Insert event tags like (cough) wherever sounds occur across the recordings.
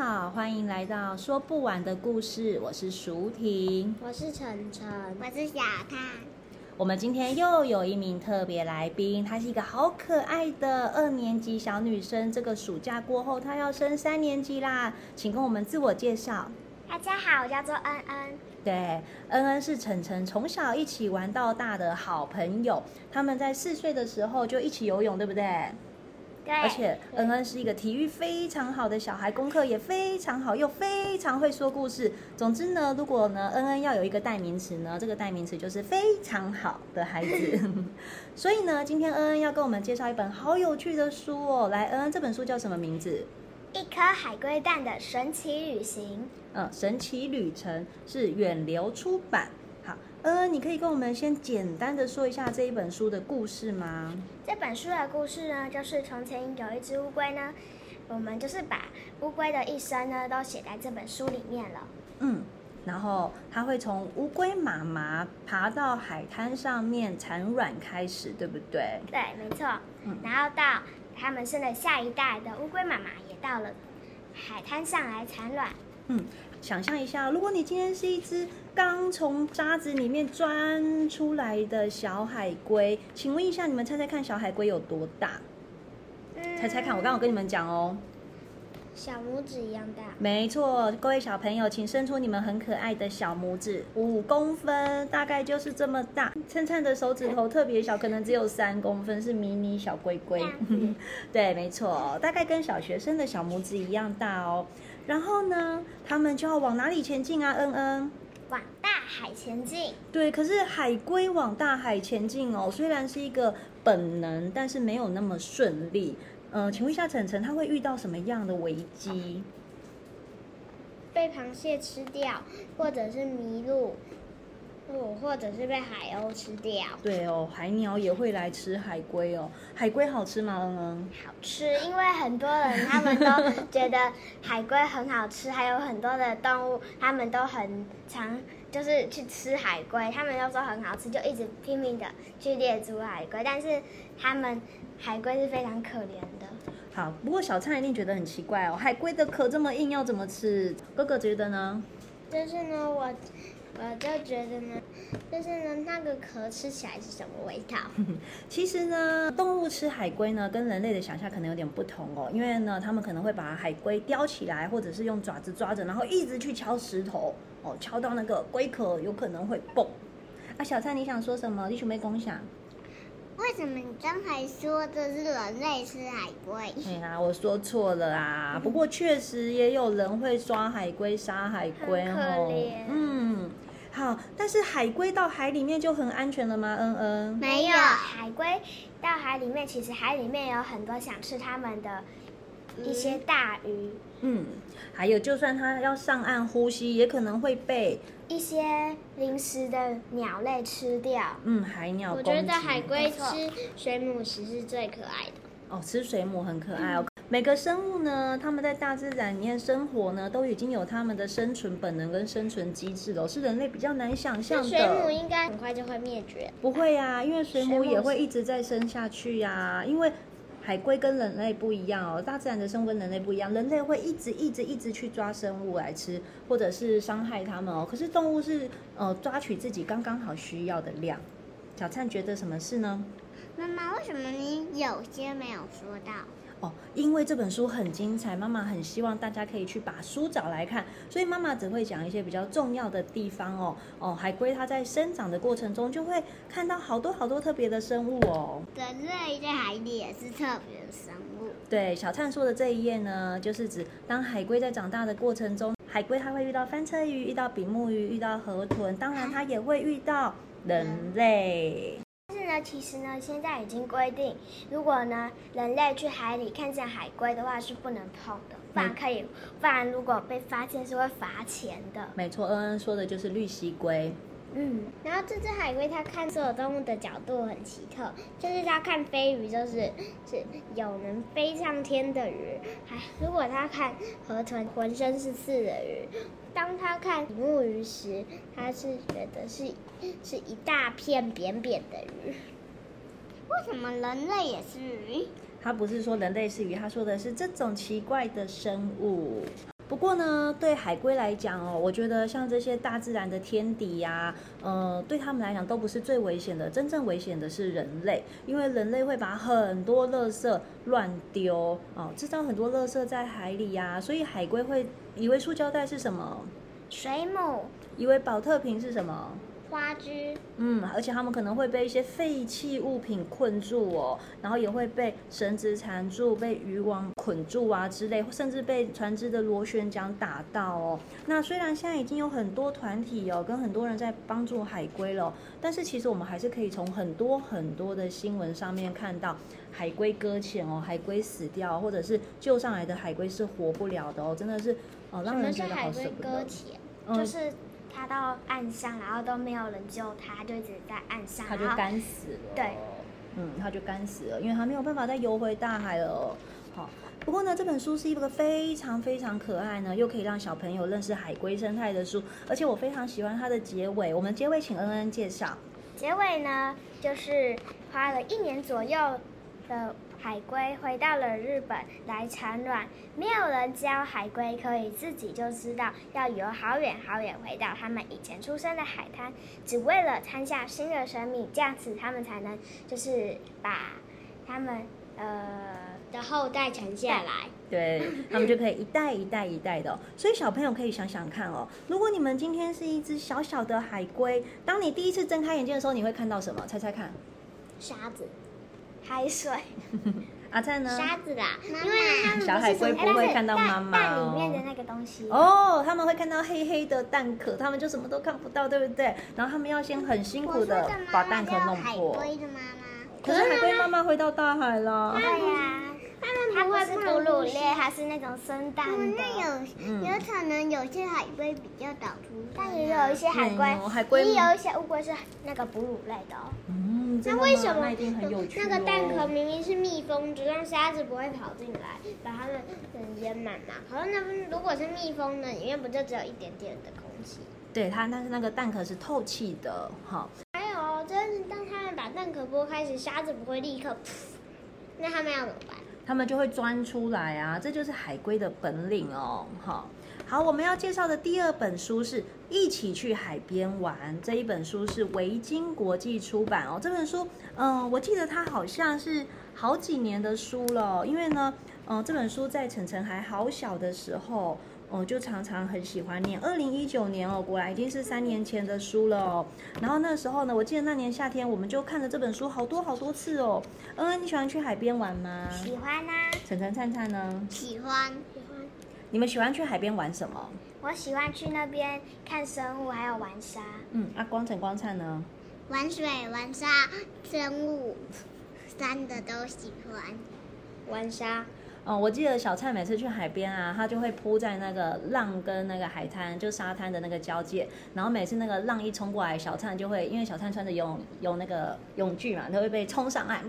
好，歡迎來到說不完的故事。我是淑婷，我是晨晨，我是小湯。我們今天又有一名特別來賓，她是一個好可愛的二年級小女生。這個暑假過後，她要升三年級啦，請跟我們自我介紹。大家好，我叫做恩恩。對，恩恩是晨晨從小一起玩到大的好朋友。他們在四歲的時候就一起游泳，對不對？而且恩恩是一個體育非常好的小孩，功課也非常好，又非常會說故事。總之呢，如果呢恩恩要有一個代名詞呢，這個代名詞就是非常好的孩子。 (laughs) 所以呢，今天恩恩要跟我們介紹一本好有趣的書哦。來，恩恩這本書叫什麼名字？一顆海龜蛋的神奇旅行。嗯，神奇旅程是遠流出版。呃，你可以跟我們先簡單的說一下這一本書的故事嗎？這本書的故事呢，就是從前有一隻烏龜呢，我們就是把烏龜的一生呢都寫在這本書裡面了。嗯，然後它會從烏龜媽媽爬到海灘上面產卵開始，對不對？對，沒錯，嗯。然後到他們生的下一代的烏龜媽媽也到了海灘上來產卵。嗯。想象一下，如果你今天是一隻剛從沙子裡面鑽出來的小海龜，請問一下，你們猜猜看小海龜有多大？嗯？猜猜看，我剛剛有跟你們講哦、喔，小拇指一樣大。沒錯，各位小朋友，請伸出你們很可愛的小拇指，五公分，大概就是這麼大。燦燦的手指頭特別小， (laughs) 可能只有三公分，是迷你小龜龜。 (laughs) 對，沒錯，大概跟小學生的小拇指一樣大哦、喔。然後呢，他們就要往哪裡前進啊？嗯嗯，往大海前進。對，可是海龜往大海前進哦，雖然是一個本能，但是沒有那麼順利。嗯、呃，請問一下晨晨，他會遇到什麼樣的危機？被螃蟹吃掉，或者是迷路？或者是被海鷗吃掉。對哦，海鳥也會來吃海龜哦。海龜好吃嗎？嗯，好吃，因為很多人他們都覺得海龜很好吃， (laughs) 還有很多的動物，他們都很常就是去吃海龜，他們都說很好吃，就一直拼命的去獵捕海龜。但是他們海龜是非常可憐的。好，不過小燦一定覺得很奇怪哦，海龜的殼這麼硬，要怎麼吃？哥哥覺得呢？但、就是呢，我。我就覺得呢，但、就是呢，那個殼吃起來是什麼味道？ (laughs) 其實呢，動物吃海龜呢，跟人類的想象可能有點不同哦。因為呢，他們可能會把海龜叼起來，或者是用爪子抓着，然後一直去敲石頭哦，敲到那個龜殼有可能會蹦。啊，小蔡，你想說什麼？你想要說什麼。為什麼你剛才說的是人類吃海龜？對、嗯、啊，我說錯了啊。不過確實也有人會抓海龜、殺海龜，很可憐。嗯，好，但是海龜到海裡面就很安全了嗎？嗯嗯，沒有，海龜到海裡面，其實海裡面有很多想吃它們的一些大魚。嗯，嗯還有，就算它要上岸呼吸，也可能會被。一些臨時的鳥類吃掉，嗯，海鳥。我覺得海龜吃水母時是最可愛的。哦，吃水母很可愛哦。嗯、每個生物呢，他們在大自然裡面生活呢，都已經有他們的生存本能跟生存機制，了。是人類比較難想象的。水母應該很快就會滅絕？不會呀、啊，因為水母也會一直再生下去呀、啊，因為。海龜跟人類不一樣哦，大自然的生物跟人類不一樣。人類會一直一直一直去抓生物來吃，或者是傷害他們哦。可是動物是呃抓取自己剛剛好需要的量。小燦覺得什麼事呢？媽媽，為什麼你有些沒有說到？哦，因為這本書很精彩，媽媽很希望大家可以去把書找來看，所以媽媽只會講一些比較重要的地方哦。哦，海龜它在生長的過程中就會看到好多好多特別的生物哦。人類在海底也是特別的生物。對，小燦說的這一頁呢，就是指當海龜在長大的過程中，海龜它會遇到翻車魚，遇到比目魚，遇到河豚，當然它也會遇到人類。啊？嗯。其實呢，現在已經規定，如果呢人類去海裡看見海龜的話是不能碰的，不然可以，不然如果被發現是會罰錢的。沒錯，恩、嗯、恩說的就是綠蠵龜。嗯，然後這隻海龜它看所有動物的角度很奇特，就是它看飛魚就是是有能飛上天的魚，還如果它看河豚渾身是刺的魚。當他看比目魚時，他是覺得是是一大片扁扁的魚。為什麼人類也是魚？他不是說人類是魚，他說的是這種奇怪的生物。不過呢，對海龜來講哦、喔，我覺得像這些大自然的天敵呀、啊，嗯、呃，對他們來講都不是最危險的。真正危險的是人類，因為人類會把很多垃圾亂丟哦，制造很多垃圾在海裡呀、啊，所以海龜會。以為塑膠袋是什麼？水母。以為寶特瓶是什麼？花枝，嗯，而且他們可能會被一些廢棄物品困住哦，然後也會被繩子纏住，被漁網捆住啊之類，甚至被船只的螺旋槳打到哦。那雖然現在已經有很多團體哦，跟很多人在幫助海龜了哦，但是其實我們還是可以從很多很多的新聞上面看到海龜擱淺哦，海龜死掉，或者是救上來的海龜是活不了的哦，真的是，哦，讓人覺得好舍不得。什麼是海龜擱淺？就是。他到岸上，然後都沒有人救他，他就一直在岸上，他就乾死了。對，嗯，他就乾死了，因為他沒有辦法再游回大海了。好，不過呢，這本書是一個非常非常可愛呢，又可以讓小朋友認識海龜生態的書，而且我非常喜歡它的結尾。我們結尾請恩恩介紹，結尾呢就是花了一年左右的。海龜回到了日本來產卵，沒有人教海龜，可以自己就知道要游好遠好遠，回到他們以前出生的海灘，只為了產下新的生命，這樣子他們才能就是把他們呃的後代傳下來，對， (laughs) 對，他們就可以一代一代一代的哦。所以小朋友可以想想看哦，如果你們今天是一隻小小的海龜，當你第一次睜開眼睛的時候，你會看到什麼？猜猜看，沙子。海水， (laughs) 阿燦呢？沙子啦，因為他們小海龜不會看到媽媽哦。蛋裡面的那個東西、啊、哦，他們會看到黑黑的蛋殼，他們就什麼都看不到，對不對？然後他們要先很辛苦的把蛋殼弄破。嗯、媽媽海龜的媽媽，可是海龜媽媽回到大海了。對呀，它們，們，們，們，們，們不會是哺乳類，還是那種生蛋類。我有有可能有些海龜比較早出、嗯，但也有一些海龜、嗯，也有一些烏龜是那個哺乳類的、喔。那為什麼那個蛋殼明明是密封，只讓沙子不會跑進來，把它們淹滿嘛？可是那如果是密封的，裡面不就只有一點點的空氣？對，它但是那個蛋殼是透氣的，哈，還有哦，就是當他們把蛋殼剝開時，沙子不會立刻噗，那他們要怎麼辦？他們就會鑽出來啊！這就是海龜的本領哦，好。好，我們要介紹的第二本書是《一起去海邊玩》。這一本書是維京國際出版哦。這本書，嗯、呃，我記得它好像是好幾年的書了、哦。因為呢，嗯、呃，這本書在晨晨還好小的時候，嗯、哦，就常常很喜歡念。二零一九年哦，果然已經是三年前的書了、哦。然後那時候呢，我記得那年夏天，我們就看了這本書好多好多次哦。嗯、呃，你喜歡去海邊玩嗎？喜歡啊。晨晨、燦燦呢？喜歡。你們喜歡去海邊玩什麼？我喜歡去那邊看生物，還有玩沙。嗯，啊，光成、光燦呢？玩水、玩沙、生物，三個都喜歡。玩沙。哦，我記得小燦每次去海邊啊，他就會撲在那個浪跟那個海灘，就沙灘的那個交界。然後每次那個浪一衝過來，小燦就會因為小燦穿着泳泳那個泳具嘛，他會被衝上岸。 (laughs)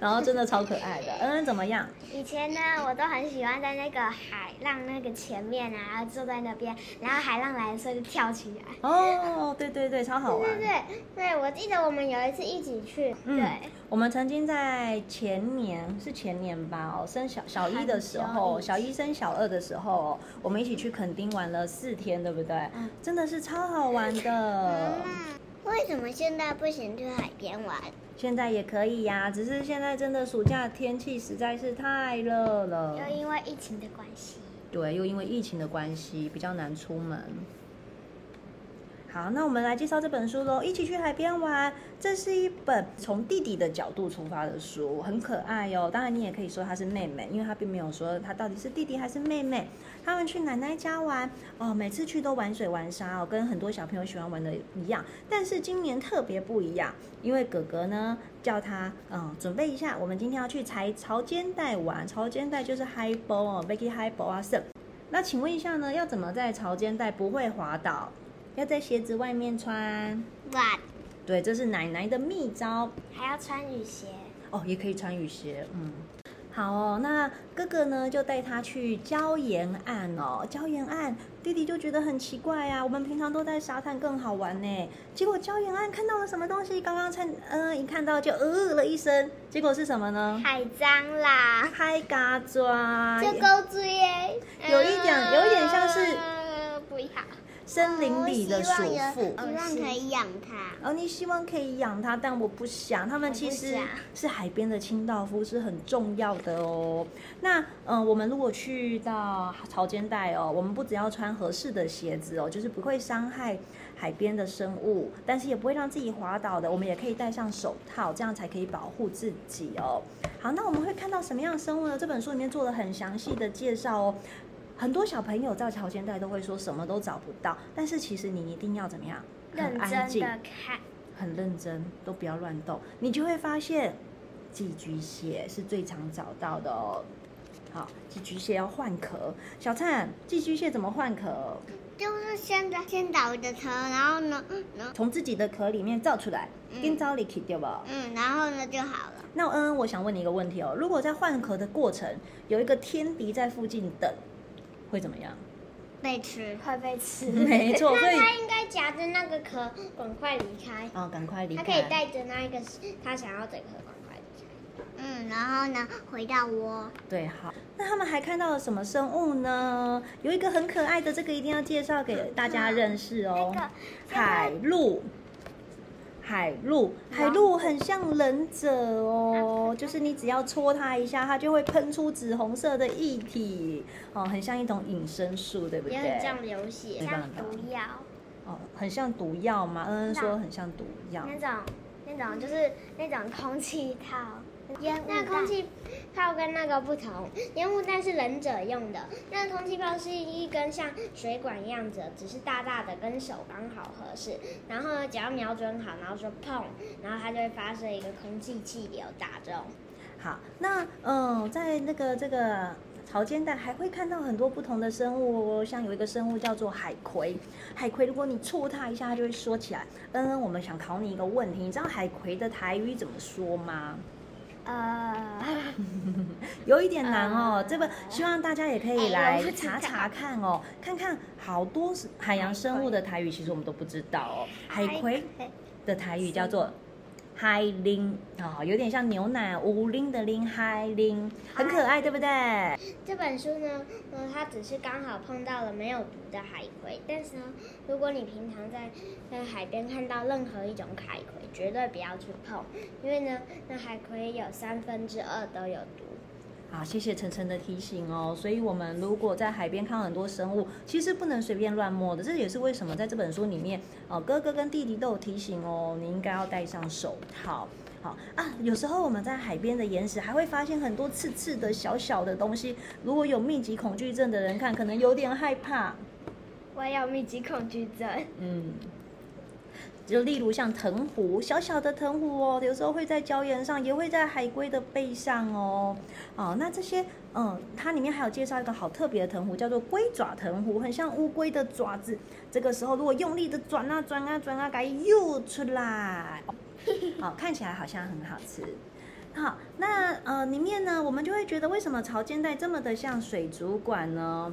然後真的超可愛的。嗯，怎麼樣？以前呢，我都很喜歡在那個海浪那個前面啊，然後坐在那邊，然後海浪來的時候就跳起來。哦，對對對，超好玩。對對對，對，我記得我們有一次一起去。對。嗯，我們曾經在前年，是前年吧。生小小一的時候，小一生小二的時候，我們一起去墾丁玩了四天，對不對？真的是超好玩的。嗯，為什麼現在不行去海邊玩？現在也可以呀，啊，只是現在真的暑假天氣實在是太熱了。又因為疫情的關係。對，又因為疫情的關係，比較難出門。好，那我們來介紹這本書嘍。一起去海邊玩，這是一本從弟弟的角度出發的書，很可愛哦。當然你也可以說她是妹妹，因為她並沒有說她到底是弟弟還是妹妹。他們去奶奶家玩哦，每次去都玩水玩沙哦，跟很多小朋友喜歡玩的一樣。但是今年特別不一樣，因為哥哥呢叫他嗯準備一下，我們今天要去踩潮間帶玩，潮間帶就是 high board 哦，Vicky high board 啊，是。那請問一下呢，要怎麼在潮間帶不會滑倒？要在鞋子外面穿，襪子。對，這是奶奶的秘招。還要穿雨鞋哦，也可以穿雨鞋。嗯，好哦，那哥哥呢就帶他去礁巖岸哦。礁巖岸，弟弟就覺得很奇怪啊。我們平常都在沙灘更好玩呢？結果礁巖岸看到了什麼東西？剛剛看，嗯、呃，一看到就呃了一聲。結果是什麼呢？太髒啦，海嘎抓，就鈎子耶，有一點，有一點像是，呃……不要。森林裡的守護、哦，希望可以養它。哦，你希望可以養它，但我不想。他們其實是海邊的清道夫，是很重要的哦。那，嗯、呃，我們如果去到潮間帶哦，我們不只要穿合適的鞋子哦，就是不會傷害海邊的生物，但是也不會讓自己滑倒的。我們也可以戴上手套，這樣才可以保護自己哦。好，那我們會看到什麼樣的生物呢？這本書裡面做了很詳細的介紹哦。很多小朋友在潮間帶都會說什麼都找不到，但是其實你一定要怎麼樣？很安靜認真的看，很認真，都不要亂動，你就會發現寄居蟹是最常找到的哦。好，寄居蟹要換殼。小燦，寄居蟹怎麼換殼？就是先找，先倒着殼，然後呢、嗯嗯，從自己的殼裡面造出來，跟着去對吧？嗯，然後呢就好了。那嗯，我想問你一個問題哦，如果在換殼的過程有一個天敵在附近等。會怎麼樣？被吃，快被吃！沒錯，所以它 (laughs) 應該夾着那個殼，趕快離開，哦、趕快離開。然後趕快離開。它可以帶着那一個他想要個的殼，趕快離開。嗯，然後呢，回到窩。對，好。那他們還看到了什麼生物呢？有一個很可愛的，這個一定要介紹給大家認識哦，那個那個、海鹿。海陸，海陸很像忍者哦、啊，就是你只要戳它一下，它就會噴出紫紅色的液體，哦，很像一種隱身術，對不對？也很像流血，像毒藥。哦，很像毒藥嗎？嗯嗯，嗯，說很像毒藥。那種、那種就是那種空氣套。煙霧彈。那空氣炮跟那個不同，煙霧彈是忍者用的，那空氣炮是一根像水管一樣的，只是大大的，跟手剛好合適。然後呢，只要瞄準好，然後說砰，然後它就會發射一個空氣氣流打中。好，那嗯，在那個這個潮間帶還會看到很多不同的生物，像有一個生物叫做海葵。海葵，如果你觸它一下，它就會縮起來。嗯嗯，我們想考你一個問題，你知道海葵的台語怎麼說嗎？呃、uh... (laughs) 有一點難哦，uh... 這個希望大家也可以來查查看哦，看看好多海洋生物的台語，其實我們都不知道哦。海葵的台語叫做。海靈啊，有點像牛奶，啊，烏靈的靈，海靈，很可愛，Hi. 對不對？這本書呢，呃，它只是剛好碰到了沒有毒的海葵，但是呢，如果你平常在在海邊看到任何一種海葵，絕對不要去碰，因為呢，那海葵有三分之二都有毒。啊，謝謝晨晨的提醒哦。所以，我們如果在海邊看很多生物，其實不能隨便亂摸的。這也是為什麼在這本書裡面，哦、啊，哥哥跟弟弟都有提醒哦，你應該要戴上手套。好，好啊，有時候我們在海邊的岩石還會發現很多刺刺的小小的東西，如果有密集恐懼症的人看，可能有點害怕。我也有密集恐懼症。嗯。就例如像藤壺，小小的藤壺哦，有時候會在礁岩上，也會在海龜的背上哦。哦，那這些，嗯，它裡面還有介紹一個好特別的藤壺，叫做龜爪藤壺，很像烏龜的爪子。這個時候如果用力的轉啊轉啊轉啊，給它又出來。好、哦，看起來好像很好吃。好，那呃裡面呢，我們就會覺得為什麼潮間帶這麼的像水族館呢？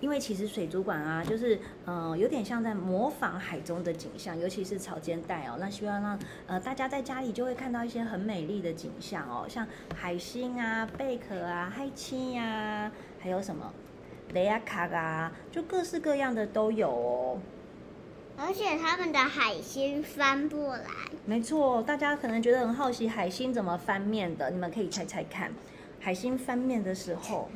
因為其實水族館啊，就是嗯、呃，有點像在模仿海中的景象，尤其是潮間帶哦。那希望讓呃大家在家裡就會看到一些很美麗的景象哦，像海星啊、貝殼啊、海青呀、啊，還有什麼雷亞卡啊，就各式各樣的都有哦。而且他們的海星翻過來。沒錯，大家可能覺得很好奇海星怎麼翻面的，你們可以猜猜看，海星翻面的時候。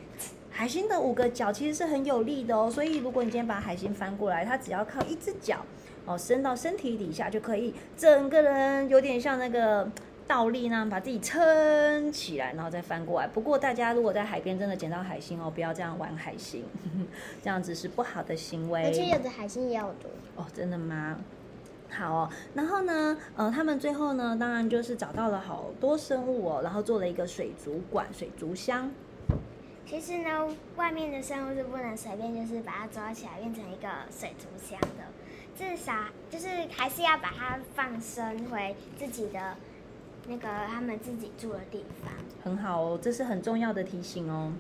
海星的五個腳其實是很有力的哦，所以如果你今天把海星翻過來，它只要靠一隻腳哦，伸到身體底下就可以，整個人有點像那個倒立那樣，把自己撐起來，然後再翻過來。不過大家如果在海邊真的撿到海星哦，不要這樣玩海星呵呵，這樣子是不好的行為。而且有的海星也有毒哦，真的嗎？好哦，然後呢，呃，他們最後呢，當然就是找到了好多生物哦，然後做了一個水族館、水族箱。其實呢，外面的生物是不能隨便就是把它抓起來變成一個水族箱的，至少就是還是要把它放生回自己的那個他們自己住的地方。很好哦，這是很重要的提醒哦。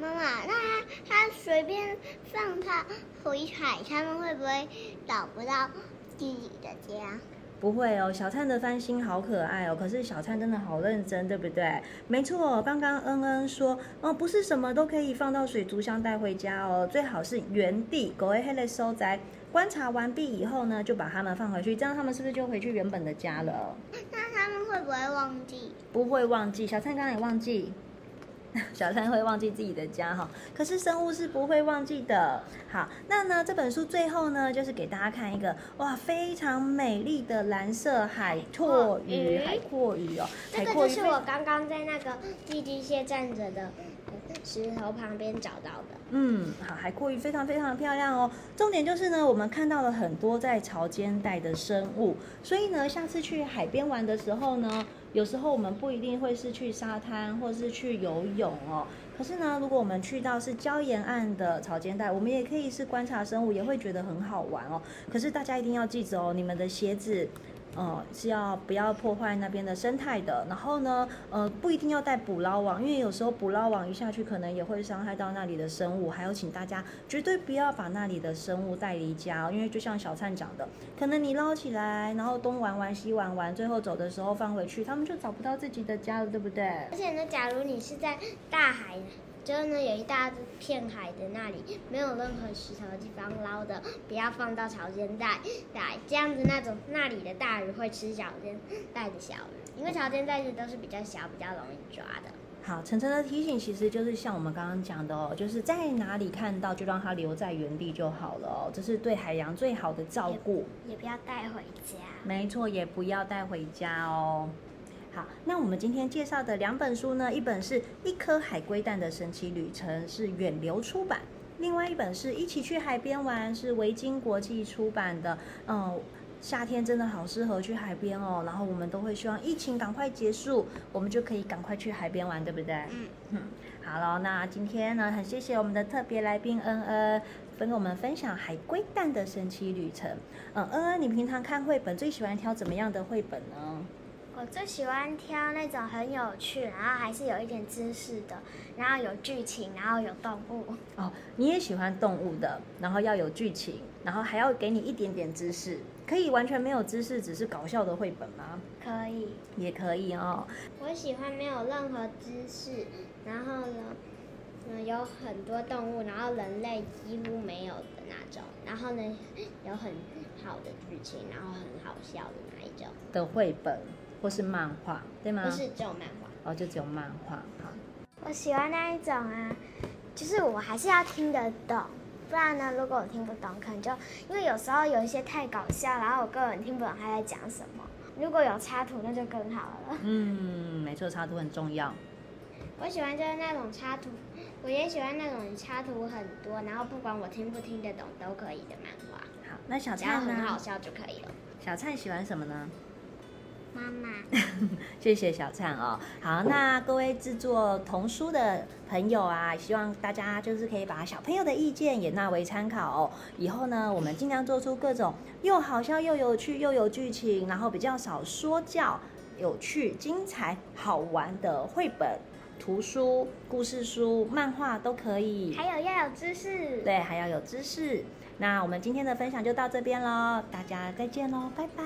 媽媽，那他，他隨便放它回海，他們會不會找不到自己的家？不會哦，小燦的翻新好可愛哦。可是小燦真的好認真，對不對？沒錯哦，剛剛恩恩說哦，不是什麼都可以放到水族箱帶回家哦，最好是原地狗乖黑黑收窄。觀察完畢以後呢，就把它們放回去，這樣它們是不是就回去原本的家了？那它們會不會忘記？不會忘記，小燦剛剛也忘記。 (laughs) 小三會忘記自己的家哈，可是生物是不會忘記的。好，那呢這本書最後呢，就是給大家看一個哇，非常美麗的藍色海蛞蝓，海蛞蝓哦、嗯海蛞蝓，這個就是我剛剛在那個寄居蟹站着的石頭旁邊找到的。嗯，好，海蛞蝓非常非常的漂亮哦。重點就是呢，我們看到了很多在潮間帶的生物，所以呢，下次去海邊玩的時候呢，有時候我們不一定會是去沙灘或是去游泳哦，可是呢，如果我們去到是礁岩岸的潮間帶，我們也可以是觀察生物，也會覺得很好玩哦。可是大家一定要記着哦，你們的鞋子。哦、嗯，是要不要破壞那邊的生態的？然後呢，呃，不一定要帶捕撈網，因為有時候捕撈網一下去，可能也會傷害到那裡的生物。還有，請大家絕對不要把那裡的生物帶離家，因為就像小燦講的，可能你撈起來，然後東玩玩西玩玩，最後走的時候放回去，他們就找不到自己的家了，對不對？而且呢，假如你是在大海，就是呢，有一大片海的那裡，沒有任何石頭的地方撈的，不要放到潮間帶。來這樣子，那種那裡的大魚會吃潮間帶的小魚，因為潮間帶的都是比較小、比較容易抓的。好，晨晨的提醒其實就是像我們剛剛講的哦，就是在哪裡看到就讓它留在原地就好了哦，這是對海洋最好的照顧，也不要帶回家。沒錯，也不要帶回家哦。好，那我們今天介紹的兩本書呢，一本是《一顆海龜蛋的神奇旅程》，是遠流出版；另外一本是《一起去海邊玩》，是維京國際出版的。嗯，夏天真的好適合去海邊哦。然後我們都會希望疫情趕快結束，我們就可以趕快去海邊玩，對不對？嗯嗯。好了，那今天呢，很謝謝我們的特別來賓恩恩，跟我們分享《海龜蛋的神奇旅程》。嗯，恩恩，你平常看繪本最喜歡挑怎麼樣的繪本呢？我最喜歡挑那種很有趣，然後還是有一點知識的，然後有劇情，然後有動物。哦，你也喜歡動物的，然後要有劇情，然後還要給你一點點知識。可以完全沒有知識，只是搞笑的繪本嗎？可以，也可以哦。我喜歡沒有任何知識，然後呢，嗯，有很多動物，然後人類幾乎沒有的那種，然後呢，有很好的劇情，然後很好笑的那一種的繪本。或是漫畫，對嗎？不是只有漫畫，哦。就只有漫畫。我喜歡那一種啊，就是我還是要聽得懂，不然呢，如果我聽不懂，可能就因為有時候有一些太搞笑，然後我個人聽不懂他在講什麼。如果有插圖，那就更好了。嗯，沒錯，插圖很重要。我喜歡就是那種插圖，我也喜歡那種插圖很多，然後不管我聽不聽得懂都可以的漫畫。好，那小蔡很好笑就可以了。小蔡喜歡什麼呢？媽媽呵呵，謝謝小燦哦。好，那各位制作童書的朋友啊，希望大家就是可以把小朋友的意見也納為參考哦。以後呢，我們盡量做出各種又好笑、又有趣、又有劇情，然後比較少說教、有趣、精彩、好玩的繪本、圖書、故事書、漫畫都可以。還有要有知識，對，還要有知識。那我們今天的分享就到這邊嘍，大家再見嘍，拜拜。